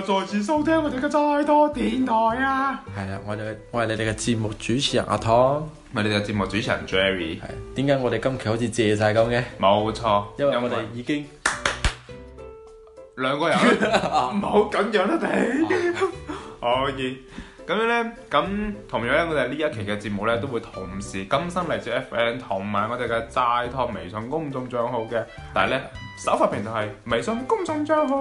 再次收聽我哋嘅再多電台啊！係啊，我哋我係你哋嘅節目主持人阿湯，唔係你哋嘅節目主持人 Jerry。係啊，點解我哋今期好似借晒咁嘅？冇錯，因為我哋已經兩個人，唔好咁樣啦，哋。可以！咁樣咧，咁同樣咧，我哋呢一期嘅節目咧，都會同時更新嚟自 FM 同埋我哋嘅債托微信公眾帳號嘅。但係咧，首發平台係微信公眾帳號。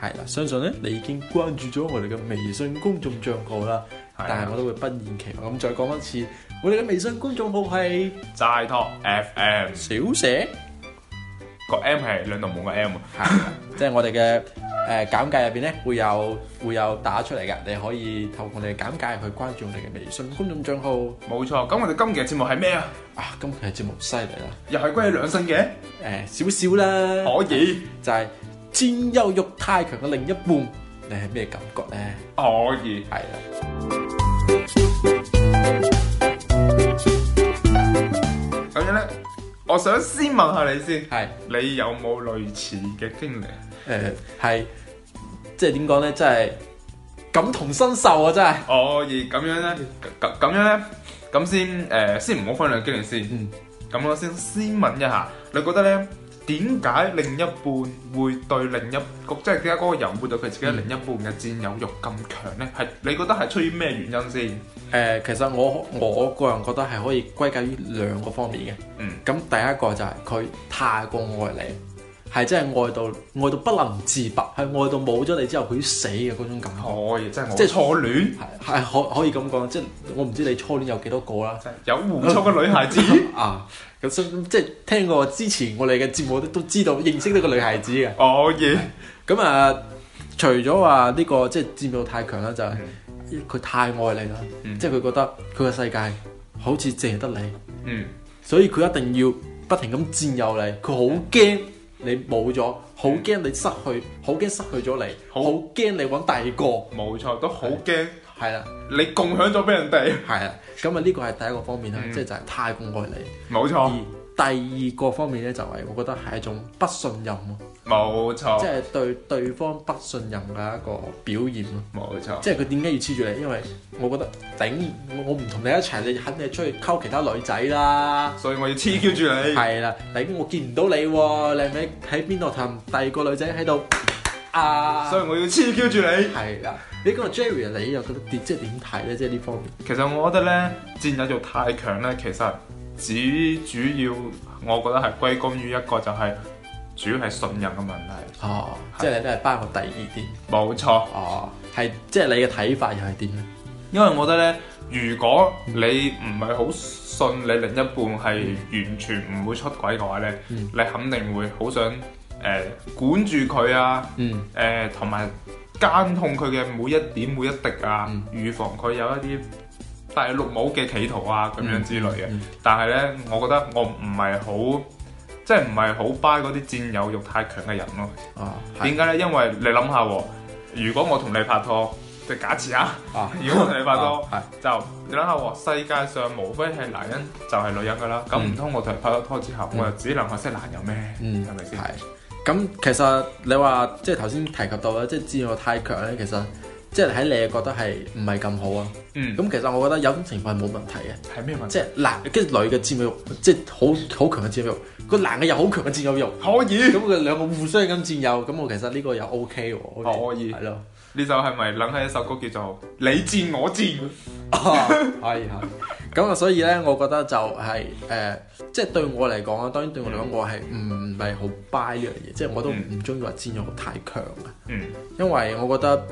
係啦，相信咧你已經關注咗我哋嘅微信公眾帳號啦。的但係我都會不厭其煩咁再講一次，我哋嘅微信公眾號係債托 FM。小寫蛇個 M 係兩度冇個 M，即係 我哋嘅。誒、呃，簡介入邊咧會有會有打出嚟㗎，你可以透過你嘅簡介去關注我哋嘅微信公眾賬號。冇錯，咁我哋今期嘅節目係咩啊？啊，今期嘅節目犀利、呃、啦，又係關於兩性嘅？誒，少少啦，可以，啊、就係、是、佔有慾太強嘅另一半，你係咩感覺咧？可以，係啦。我想先問下你先，係是你有冇類似嘅經歷？誒、呃，係即係點講咧？即係感同身受啊！真係，哦，而咁樣咧，咁咁是樣咧，咁先誒、呃，先唔好分享經歷先。嗯，咁我先先問一下，你覺得咧？點解另一半會對另一個即係點解嗰個人會對佢自己另一半嘅佔有欲咁強呢？係、嗯、你覺得係出於咩原因先？誒、呃，其實我我個人覺得係可以歸結於兩個方面嘅。嗯，咁第一個就係佢太過愛你。係真係愛到愛到不能自拔，係愛到冇咗你之後佢死嘅嗰種感覺，哎初就是，可以即係初戀，係可可以咁講。即、就、係、是、我唔知你初戀有幾多個啦，有唔錯嘅女孩子 啊！咁即係聽過之前我哋嘅節目都都知道認識呢個女孩子嘅。哦、oh yeah.，嘢咁啊！除咗話呢個即係佔有慾太強啦，就係、是、佢、嗯、太愛你啦，即係佢覺得佢嘅世界好似淨係得你，嗯，所以佢一定要不停咁佔有你，佢好驚。你冇咗，好驚你失去，好驚失去咗你，好驚你揾第二個，冇錯，都好驚，係啦，你共享咗俾人哋，係啦，咁啊呢個係第一個方面啦，即係、嗯、就係太過愛你，冇錯。第二個方面咧就係、是，我覺得係一種不信任冇錯，錯即係對對方不信任嘅一個表現咯，冇錯錯，即係佢點解要黐住你？因為我覺得頂，我唔同你一齊，你肯定出去溝其他女仔啦，所以我要黐住你，係啦、嗯，但我見唔到你、喔，你咪喺邊度探第二個女仔喺度啊，所以我要黐住你，係啦，呢、這個 Jerry 你又覺得即係點睇咧？即係呢即方面，其實我覺得咧，佔有欲太強咧，其實。只主要，我覺得係歸功於一個就係主要係信任嘅問題。哦，是即係你都係包括第二啲。冇錯。哦，係，即係你嘅睇法又係點咧？因為我覺得呢，如果你唔係好信你另一半係完全唔會出軌嘅話呢，嗯、你肯定會好想誒、呃、管住佢啊，誒同埋監控佢嘅每一點每一滴啊，嗯、預防佢有一啲。帶綠帽嘅企圖啊，咁樣之類嘅。嗯嗯、但係咧，我覺得我唔係好，即係唔係好 buy 嗰啲佔有欲太強嘅人咯。啊，點解咧？因為你諗下喎，如果我同你拍拖，即係假設啊，如果我同你拍拖，就、啊、你諗下喎，世界上無非係男人就係女人㗎啦。咁唔通我同你拍咗拖之後，我就只能係識男人咩？嗯，係咪先？係。咁其實你話即係頭先提及到咧，即係佔有欲太強咧，其實。即係喺你覺得係唔係咁好啊？嗯，咁其實我覺得有種情況係冇問題嘅。係咩問題？即係男，跟女嘅佔有欲，即係好好強嘅佔有欲。個男嘅又好強嘅佔有欲，可以咁佢兩個互相咁佔有，咁我其實呢個又 OK 喎。可以。係咯，呢首係咪諗起一首歌叫做《你佔我佔》？係係。咁啊，所以咧，我覺得就係誒，即係對我嚟講啊，當然對我嚟講，我係唔係好掰呢樣嘢，即係我都唔中意話佔有太強嘅。嗯。因為我覺得。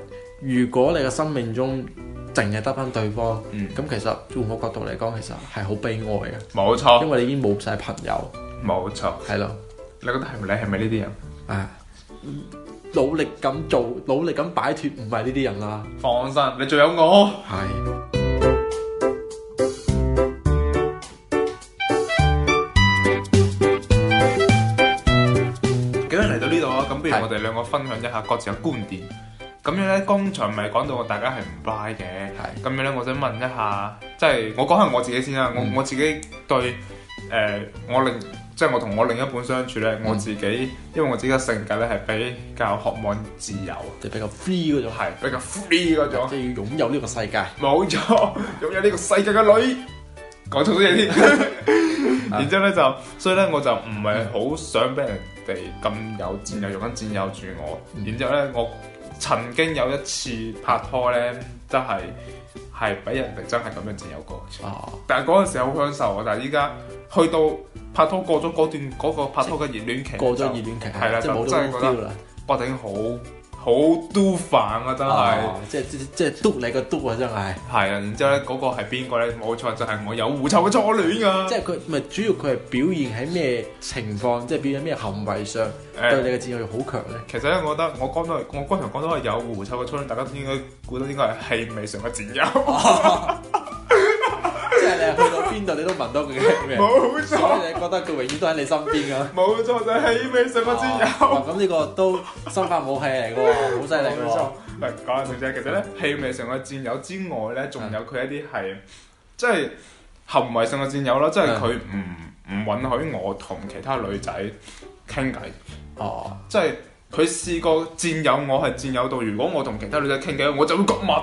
如果你嘅生命中淨係得翻對方，嗯，咁其實換個角度嚟講，其實係好悲哀嘅。冇錯，因為你已經冇晒朋友。冇錯，係咯。你覺得係咪你？係咪呢啲人？啊，努力咁做，努力咁擺脫，唔係呢啲人啦。放心，你仲有我。係。今日嚟到呢度啊，咁不如我哋兩個分享一下各自嘅觀點。咁樣咧，剛才咪講到大家係唔 buy 嘅，咁樣咧，我想問一下，即係我講下我自己先啦，我、嗯、我自己對誒、呃、我另即係我同我另一半相處咧，我自己、嗯、因為我自己嘅性格咧係比較渴望自由，即比較 free 嗰種，係比較 free 嗰種，即係要擁有呢個世界，冇錯，擁有呢個世界嘅女，講錯啲嘢先， 然之後咧就，所以咧我就唔係好想俾人哋咁有佔有、嗯、用，慾，佔有住我，然之後咧我。曾經有一次拍拖咧，真係係俾人哋真係咁樣先有過、啊但個。但係嗰陣時好享受啊！但係依家去到拍拖過咗嗰段嗰個拍拖嘅熱戀期，過咗熱戀期係啦，就冇的就真係覺得覺，我覺得已經好。好都煩啊！真係、哦，即即即篤你個督啊！真係，係啊！然之後咧，嗰個係邊個咧？冇錯，就係我有狐臭嘅初戀啊！即佢咪主要佢係表現喺咩情況？即表現咩行為上、嗯、對你嘅佔有欲好強咧？其實咧，我覺得我剛才我剛才講到係有狐臭嘅初戀，大家都應該估到，應該係氣味上嘅佔有。 邊度你都聞到佢嘅氣味，冇錯所以你覺得佢永遠都喺你身邊噶？冇錯，就係氣味上嘅戰友。咁呢、啊、個都生化武器嚟嘅。 好犀利。唔錯。唔係講下正正，其實咧，氣味上嘅戰友之外咧，仲有佢一啲係的，即係行為上嘅戰友咯，即係佢唔唔允許我同其他女仔傾偈。哦的。即係佢試過戰友，我係戰友到，如果我同其他女仔傾偈，我就會割脈。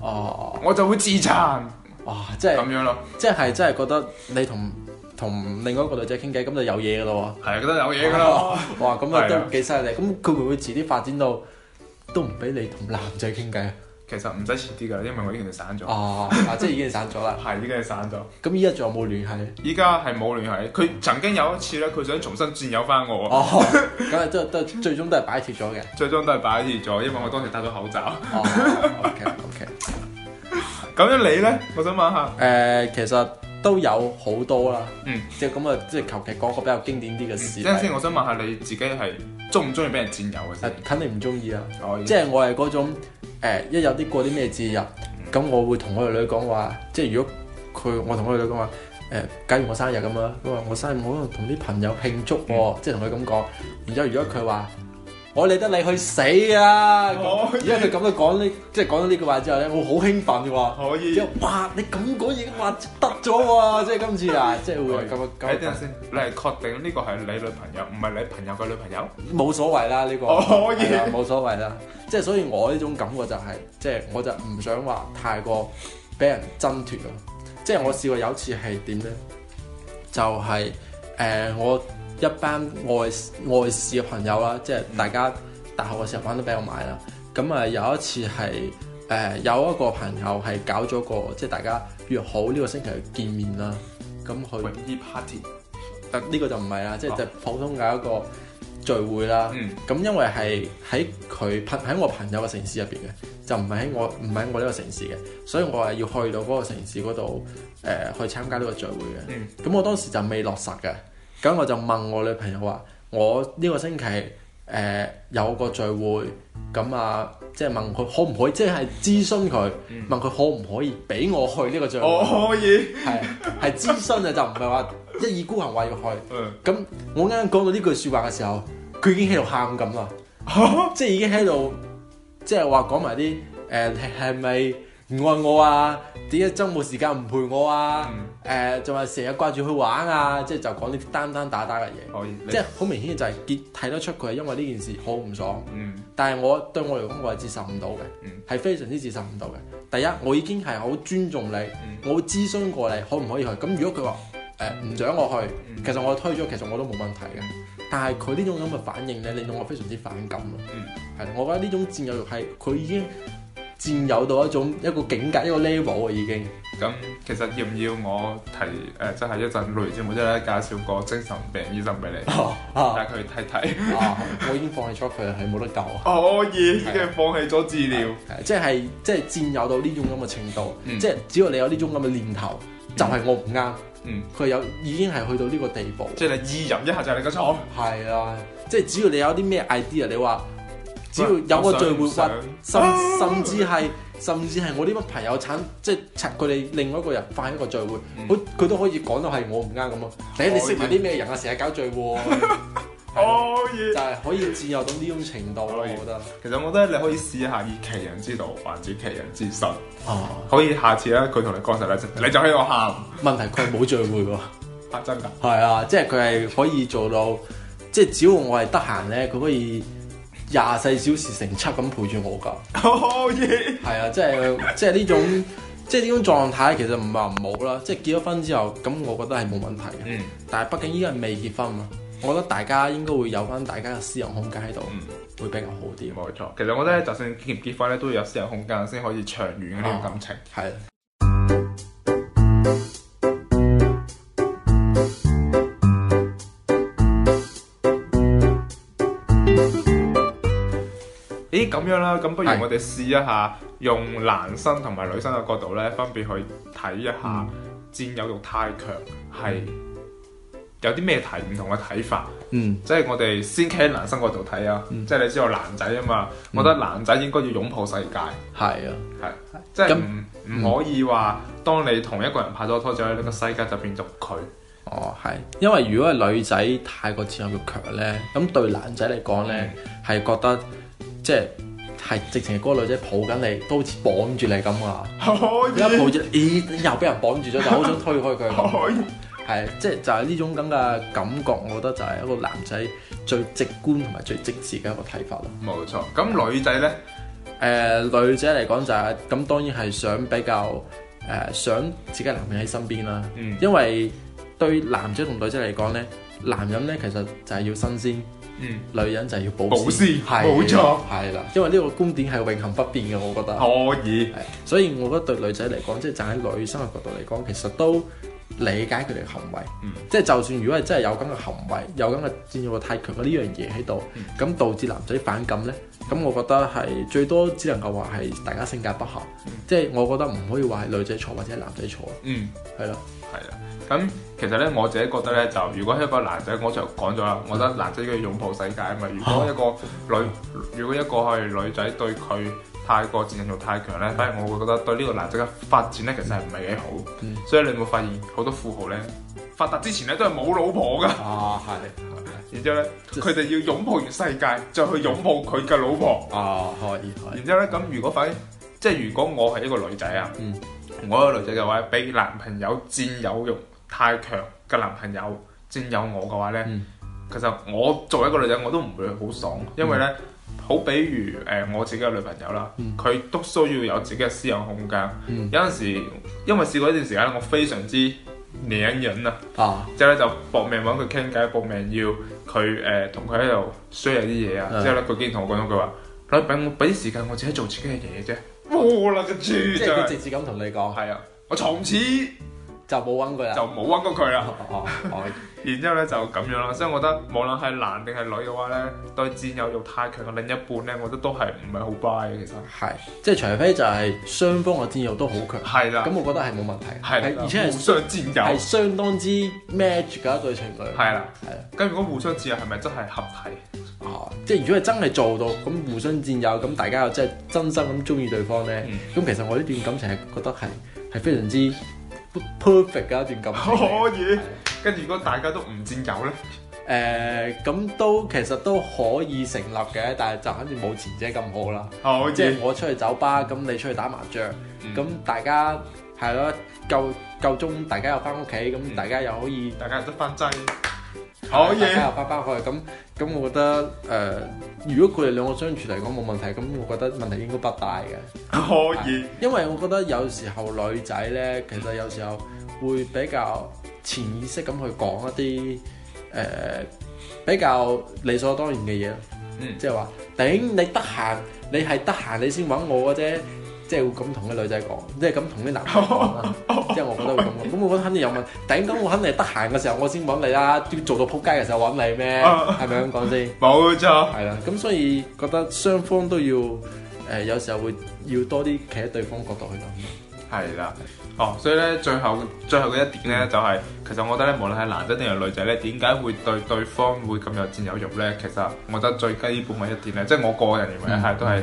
哦的。我就會自殘。哇、哦！即係咁樣咯，即係真係覺得你同同另外一個女仔傾偈，咁就有嘢噶咯喎。係覺得有嘢噶咯。哇！咁啊的都幾犀利。咁佢會唔會遲啲發展到都唔俾你同男仔傾偈啊？其實唔使遲啲㗎喇，因為我已經散咗。哦，啊、即係已經散咗啦。係， 已經係散咗。咁依家仲有冇聯繫？依家係冇聯繫。佢曾經有一次咧，佢想重新佔有翻我哦，咁啊都都最終都係擺脫咗嘅。最終都係擺脫咗，因為我當時戴咗口罩。 哦、OK OK。咁樣你咧，我想問下。誒、呃，其實都有好多啦。嗯。即係咁啊，即係求其講個比較經典啲嘅事。即係先，我想問下你自己係中唔中意俾人佔有嘅？肯定唔中意啊。Oh、yeah. 即係我係嗰種、呃、一有啲過啲咩節日，咁、嗯、我會同我女講話，即係如果佢，我同我女講話，誒、呃，假如我生日咁啊，我話我生日，我同啲朋友慶祝喎，即係同佢咁講。然之後，如果佢話，我、 啊、理得你去死啊！因為佢咁樣講呢，即係講咗呢句話之後咧，我好興奮嘅話，可以之後哇，你咁講已經話得咗喎！即係今次啊，即、就、係、是、會咁啊。睇，以等陣先，你係確定呢個係你女朋友，唔係你朋友嘅女朋友？冇所謂啦，呢、這個以！冇、oh, yeah 所謂啦。即係所以我呢種感覺就係、是，即、就、係、是、我就唔想話太過俾人爭奪咯。即、就、係、是、我試過有次係點咧，就係、是、誒、呃、我。呃我嗯我嗯我嗯一班外外市嘅朋友啦，即係大家大學嘅時候玩都俾我買啦。咁啊，有一次係誒、呃、有一個朋友係搞咗個即係大家約好呢個星期去見面啦。咁去。啲 party、啊。呢、呢個就唔係啦，oh. 即係就普通嘅一個聚會啦。咁、oh. 因為係喺佢喺我朋友嘅城市入邊嘅，就唔係喺我唔係喺我呢個城市嘅，所以我係要去到嗰個城市嗰度誒去參加呢個聚會嘅。咁、oh. 我當時就未落實嘅。咁我就問我女朋友話：我呢個星期誒、呃、有個聚會，咁啊，即係問佢可唔可以，即係諮詢佢，問佢可唔可以俾我去呢個聚會？我、哦、可以，係係諮詢啊， 就唔係話一意孤行話要去。咁、嗯、我啱啱講到呢句説話嘅時候，佢已經喺度喊咁啦，即係已經喺度，即係話講埋啲誒係咪唔愛我啊？點解周末時間唔陪我啊？嗯誒就話成日掛住去玩啊，即係就講呢啲單單打打嘅嘢，以即係好明顯就係見睇得出佢係因為呢件事好唔爽。嗯、但係我對我嚟講，我係接受唔到嘅，係非常之接受唔到嘅。第一，我已經係好尊重你，嗯、我會諮詢過你可唔可以去。咁如果佢話唔想我去，嗯、其實我推咗，其實我都冇問題嘅。嗯、但係佢呢種咁嘅反應咧，令到我非常之反感咯。嗯，係，我覺得呢種佔有欲係佢已經。佔有到一種一個境界一個 level 啊，已經。咁其實要唔要我提誒即係一陣類似冇即係介紹個精神病醫生俾你，啊、帶佢去睇睇。我已經放棄咗佢係冇得救。可以已經放棄咗治療。即係即係佔有到呢種咁嘅程度，嗯、即係只要你有呢種咁嘅念頭，就係、是、我唔啱。佢、嗯、有已經係去到呢個地步。即係你意淫一下就係你個錯。係啊， 即、嗯、係、就是、只要你有啲咩 idea，你話。只要有個聚會或甚甚至係甚至係我啲乜朋友產即係佢哋另外一個人辦一個聚會，佢佢都可以講到係我唔啱咁第一，你識埋啲咩人啊？成日搞聚會，可以就係可以自由到呢種程度咯，我覺得。其實我覺得你可以試下以其人之道還治其人之身。哦，可以下次咧，佢同你講曬啲嘢，你就喺度喊。問題佢冇聚會喎，白講㗎。係啊，即係佢係可以做到，即係只要我係得閒咧，佢可以。廿四小時成七咁陪住我㗎，係啊、oh, yeah.，即係即係呢種即係呢種狀態，其實唔係話唔好啦。即係結咗婚之後，咁我覺得係冇問題嘅。嗯，但係畢竟依家未結婚啊嘛，我覺得大家應該會有翻大家嘅私人空間喺度，嗯、會比較好啲。冇錯，其實我覺得就算結唔結婚咧，都要有私人空間先可以長遠嘅呢種感情。係、啊。咁樣啦，咁不如我哋試一下用男生同埋女生嘅角度咧，分別去睇一下佔有欲太強係有啲咩題唔同嘅睇法。嗯，即係我哋先企喺男生角度睇啊，即係你知道男仔啊嘛，我覺得男仔應該要擁抱世界。係啊，係，即係咁唔可以話，當你同一個人拍咗拖之後，呢個世界就變咗佢。哦，係，因為如果係女仔太過佔有欲強咧，咁對男仔嚟講咧係覺得即係。係直情係個女仔抱緊你，都好似綁住你咁啊！一的抱住，咦、欸，又俾人綁住咗，就好想推開佢。係的，即係就係、是、呢種咁嘅感覺，我覺得就係一個男仔最直觀同埋最直接嘅一個睇法咯。冇錯，咁女仔咧，誒、呃、女仔嚟講就係、是、咁，當然係想比較誒、呃、想自己男人喺身邊啦。嗯、因為對男仔同女仔嚟講咧，男人咧其實就係要新鮮。女人就要保守，係冇錯，係啦，因為呢個觀點係永恆不變嘅，我覺得可以。所以我覺得對女仔嚟講，即係站喺女生嘅角度嚟講，其實都理解佢哋嘅行為。即係就算如果係真係有咁嘅行為，有咁嘅佔有慾太強嘅呢樣嘢喺度，咁導致男仔反感呢，咁我覺得係最多只能夠話係大家性格不合。即係我覺得唔可以話係女仔錯或者係男仔錯。嗯，係咯，係啦，咁。其實咧，我自己覺得咧，就如果一個男仔，我就講咗啦，我覺得男仔要擁抱世界啊嘛。因為如果一個女，如果一個係女仔對佢太過佔有欲太強咧，反而我會覺得對呢個男仔嘅發展咧，其實係唔係幾好。所以你有冇發現好多富豪咧，發達之前咧都係冇老婆噶，啊。啊，係。然之後咧，佢哋要擁抱完世界，再去擁抱佢嘅老婆。啊，可以。可以，然之後咧，咁如果反即係如果我係一個女仔啊，嗯，我個女仔嘅話，俾男朋友佔有欲。嗯太強嘅男朋友佔有我嘅話呢。其實我作為一個女人，我都唔會好爽，因為呢，好比如誒我自己嘅女朋友啦，佢都需要有自己嘅私人空間。有陣時因為試過一段時間我非常之忍忍啊，之後呢就搏命揾佢傾偈，搏命要佢誒同佢喺度 share 啲嘢啊，之後呢，佢竟然同我講咗句話：你俾我俾啲時間，我自己做自己嘅嘢啫。我啦個豬！即係佢直接咁同你講，係啊，我從此。就冇揾佢啦，就冇揾過佢啦。然之後咧就咁樣啦，所以我覺得無論係男定係女嘅話咧，對佔有欲太強嘅另一半咧，我覺得都係唔係好 buy 嘅。其實係即係，除非就係雙方嘅佔有都好強，係啦了。咁我覺得係冇問題，係了而且係互，互、哦、互相佔有，係相當之 match 嘅一對情侶，係啦，係啦。跟住講互相佔有係咪真係合體啊？即係如果係真係做到咁互相佔有咁，大家又真係真心咁中意對方咧，咁、嗯、其實我呢段感情係覺得係係非常之。Perfect 嘅一段感情？Oh, yeah. 對跟住如果大家都唔佔有咧，誒咁、呃、都其實都可以成立嘅，但係就肯定冇前者咁好啦。Oh, yeah. 即係我出去酒吧，咁你出去打麻將，咁、mm. 大家係咯、啊，夠夠鍾，大家又翻屋企，咁大家又可以，mm. 大家又得翻劑。可以，啊，爸爸去咁咁，我覺得誒， 如果佢哋兩個相處嚟講冇問題，咁我覺得問題應該不大嘅。可以意，因為我覺得有時候女仔咧，其實有時候會比較潛意識咁去講一啲誒比較理所當然嘅嘢，即係話頂你得閒，你係得閒你先搵我嘅啫。嗯即係會咁同啲女仔講，即係咁同啲男仔講啦。 即係我覺得會咁咯。咁我覺得肯定有問題，頂咁我肯定係得閒嘅時候我先揾你啦，啊，要做到撲街嘅時候揾你咩？係咪咁講先？冇沒錯，係啦。咁所以覺得雙方都要誒、呃，有時候會要多啲企喺對方角度去諗。係啦，哦，所以呢最後最後嘅一點呢，就係、是，其實我覺得呢，無論係男仔定係女仔呢，點解會對對方會咁有佔有欲呢？其實我覺得最基本嘅一點呢，即、就、係、是、我個人認為呢， 都係。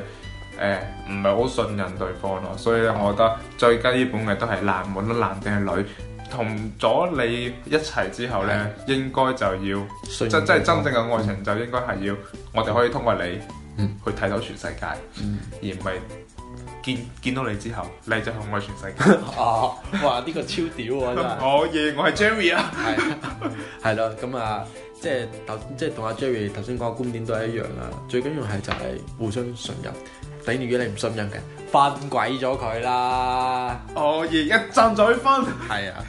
誒，唔係好信任對方咯，所以咧，我覺得最基本嘅都係男滿都男定係女，同咗你一齊之後咧，的應該就要信即即係真正嘅愛情就應該係要，我哋可以通過你去睇到全世界，嗯、而唔係見見到你之後，你就愛全世界。 哦，哇，呢、這個超屌啊真係。可以、嗯，我係 Jerry 啊，係係咯，咁啊。嗯即係頭，即係同阿 Jerry 頭先講嘅觀點都係一樣啦，啊。最緊要係就係互相信任。等，如果你唔信任嘅，分鬼咗佢啦！我亦一陣就去分。係 啊，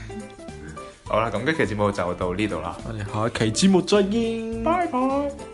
好啦，咁今期節目就到呢度啦。我哋下一期節目再見。拜拜。